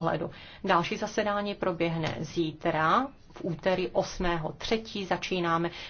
ohledu. Další zasedání proběhne zítra, v úterý 8.3. začínáme